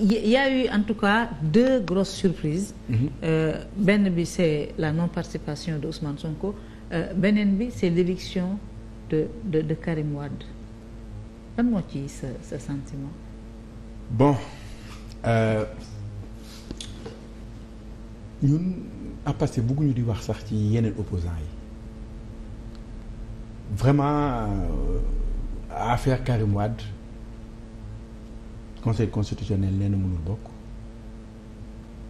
y a eu en tout cas deux grosses surprises. Mhm. Euh, benn bi c'est la non-participation de Ousmane Sonko euh, beneen bi c'est l'éviction de de de Karim Wade lan moo ci sa sentiment. bon euh, ñun à passé bëgguñu di wax sax ci yeneen opposants yi vraiment affaire Karim Wade. conseil constitutionnel nee na mënul bokk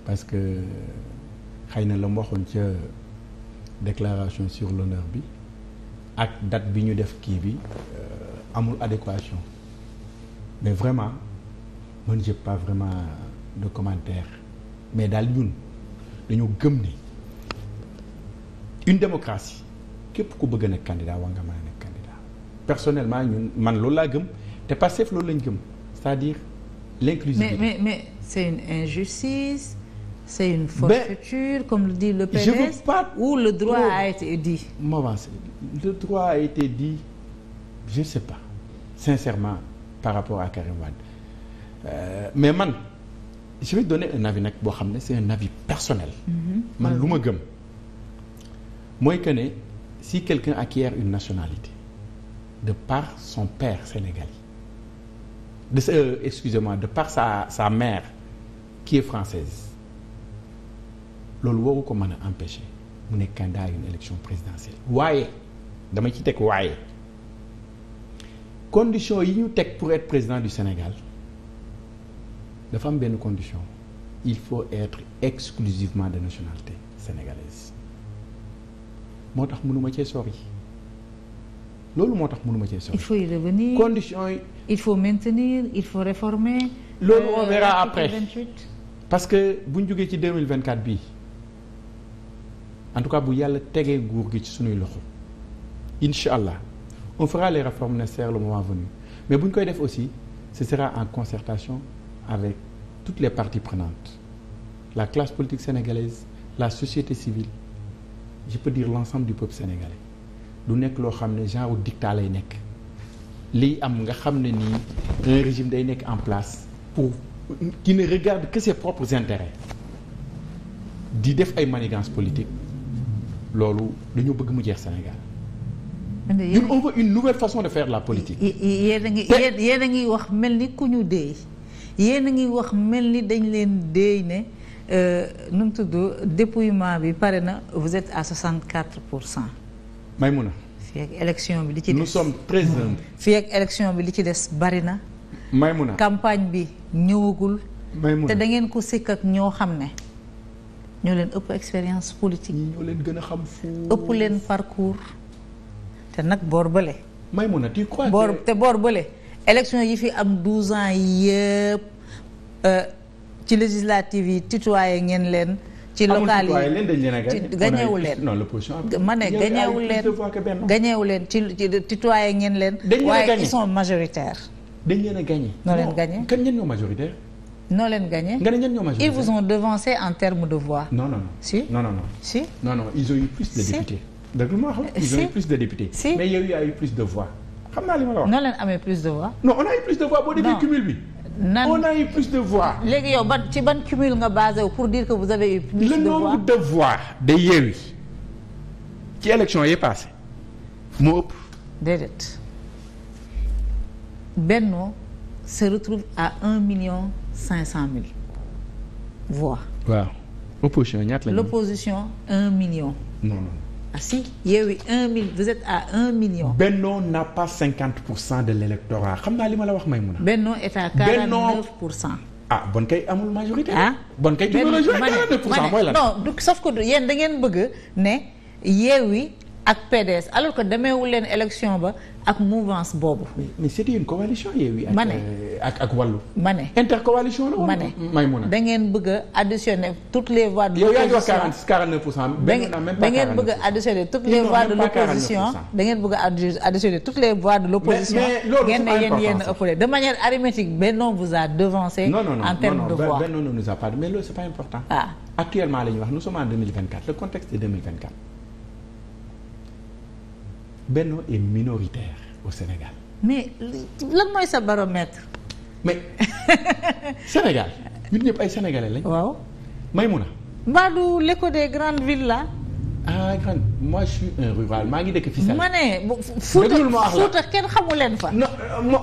parce que xëy na la mu waxoon ca déclaration sur l'honneur bi ak date bi ñu def kii bi euh, amul adéquation mais vraiment man j'ai pas vraiment de commentaire mais daal ñun dañoo gëm ne une démocratie képp ku bëgg a nekk candidat war nga mën a nekk candidat personnellement ñun man loolu laa gëm te Pastef loolu lañ gëm c'est-à-dire l'inclusivité. Mais, mais, mais c'est une injustice, c'est une forfaiture, comme le dit le PDS, ou le droit trop, a été dit Le droit a été dit, je ne sais pas, sincèrement, par rapport à Karim euh, mais man, je vais donner un avis nag boo xam ne c'est un avis personnel. Mm-hmm. man lu ma gëm mooy que ne si quelqu'un acquiert une nationalité de par son père sénégalais. de euh, excusez de par sa sa maire qui française loolu waru ko mën a empêcher mu nekk candidat à une élection présidentielle waaye dama ci teg waaye condition yi ñu teg pour être président du Sénégal dafa am benn condition il faut être exclusivement de nationalité sénégalaise moo tax mënuma cee sori loolu moo tax mënuma cee sori. condition il faut maintenir il faut réformer. loolu on euh, verra après parce que bu ñu jógee ci 2024 bii en tout cas bu yàlla tegee nguur gi ci suñuy loxo incha allah on fera les réformes nécessaires le moment venu mais bu ñu koy def aussi ce sera en concertation avec toutes les parties prenantes la classe politique sénégalaise la société civile je peux dire l'ensemble du peuple sénégalais du nekk loo xam ne genre dictat lay nekk. liy am nga xam ne nii un régime day nekk en place pour qui ne regarde que ses propres intérêts di def ay manigances politiques loolu dañoo bëgg mu jeex Sénégal. ñun on veut une nouvelle façon de faire la politique. yéen a ngi yéen a ngi wax mel ni ku ñu déey yéen a ngi wax mel ni dañ leen déey ne euh, nu mu tudd dépouillement bi pare na vous êtes à quatre pour cent. Maïmouna. fii ak élection bi li ci des nous sommes très humbles. fii bi li ci des bari na. Maymuna campagne bi ñëwagul. Maymuna te da ngeen ko sikk ak ñoo xam ne. ñoo leen ëpp expérience politique. ñoo leen gën a xam fu. ëpp leen parcours. te nag boor bële. Maymuna tu bële. élection yi fi am 12 yi yëpp ci législative yi tutoyé ngeen leen. ci local yi ci gañewu leen ma ne gañewu leen gañewu leen ci tutoyé ngeen leen waaye ils sont majoritaires dañ leen a gagné noo leen gagné kan ñen ñoo majoritaire noo leen gagné nga ne ñen ñoo majoritaire ils vous ont devancé en termes de voix non non si non non non ils ont eu plus de députés dëgg ma xam noo leen amee plus de voix non on a eu plus de voix boo defee cumul bi nan on léegi yow ban ci ban cumul nga basé wu pour dire que vous avez eu. plus de voix de voix ci élection yi passé moo ëpp. déedéet Benno se retrouve à un million cinq cent mille voix. waaw opposition la. l'opposition un million. a si Yewwi un mille vous êtes à un million. Benno n'a pas cinquante pour cent de l'électorat xam naa li ma la wax may Maïmouna. Benno est à quarante-neuf pour cent. ah bon kay amul majorité. Ah? bon kay du ma la joué quarante-neuf pour cent mooy lan. non du sauf que yéen da ngeen bëgg ne Yewwi. ak PDS alors que demeewul leen élection ba ak mouvance boobu. mais c'était une coalition Yewwi ak ma ne euh, ak ak Wallu. ma ne intercoalition la woon. ma ne Maïmouna da ngeen bëgg a additionner toutes les voix de. yow yaa ngi wax 40 49 pour cent. benn na même pas 49 da ngeen bëgg a additionner toutes les voix de l'opposition da ngeen bëgg a additionner toutes les voix de l'opposition. mais mais loolu ngeen ne yéen yéen ëppale de manière arithmétique Benno vous a devancé. non non non en termes de voix Benno ne nous a pas mais loolu c'est pas important. ah actuellement la ñuy wax nous sommes en 2024 le contexte est 2024. Benno est minoritaire au Sénégal. mais lan mooy sa baromètre. mais Sénégal ñun ñëpp ay sénégalais lañ. waaw Maïmouna. mbaa du l'écho des grandes villes ah, grande moi je suis un rural maa ngi dëkk fii Sénégal. ma ne Fouta Fouta kenn xamu leen fa. non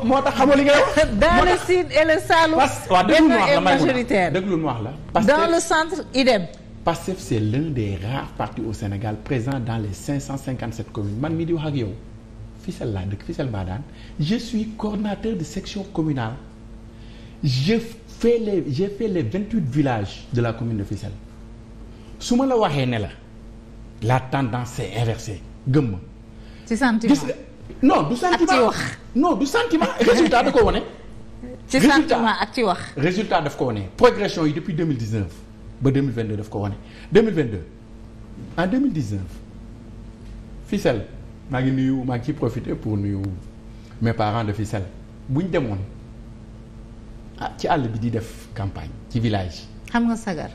moo tax xamu li nga wax. dans le sud et le Saloum. parce que waaw dëgg lu mu wax la lu mu wax la. parce que dans le centre idem. Pastef c'est l'un des rares partis au Sénégal présent dans les 557 communes man mii di wax ak yow Fissel laa dëkk Fissel Mbadane je suis coordonnateur de section communale je fais les j'ai fait les 28 villages de la commune de Fissel su ma la waxee ne la la tendance s'est inversée gëm ma. ci sentiment non du sentiment ak ci wax. non du sentiment résultat da ko wane. ci sentiment ak ci wax. résultat daf ko wane progression yi depuis 2019. ba 2022 daf ko wane 2022 en 2019 Ficelle maa ngi nuyu maa ngi ciy profité pour nuyu mes parents de Ficelle bu ñu demoon ah ci àll bi di def campagne ci village. xam nga sagar.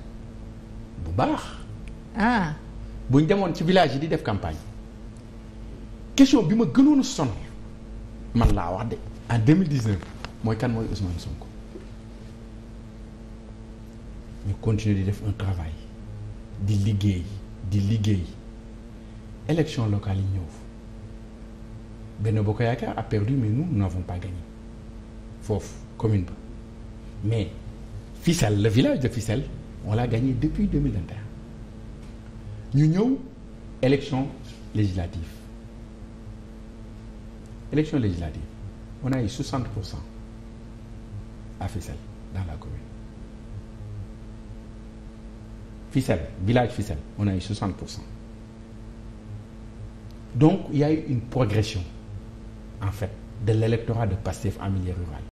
bu baax. ah. bu ñu demoon ci village yi di def campagne question bi ma gënoon a man laa wax de en 2019 mooy kan mooy Ousmane Sonko. ñu continuer di def un travail di liggéey di liggéey élection locale yi ñëw benn Bokk Yaakaar a perdu mais nous n'avons pas gagné foofu commune ba mais Fissel le village de Fissel on l'a gagné depuis ñu ñëw élection législative élection législative on a eu pour cent à Fissel dans la commune Fissel village Fissel on a eu 60 pour cent donc il y a eu une progression en fait de l'électorat de Pastef en milieu rural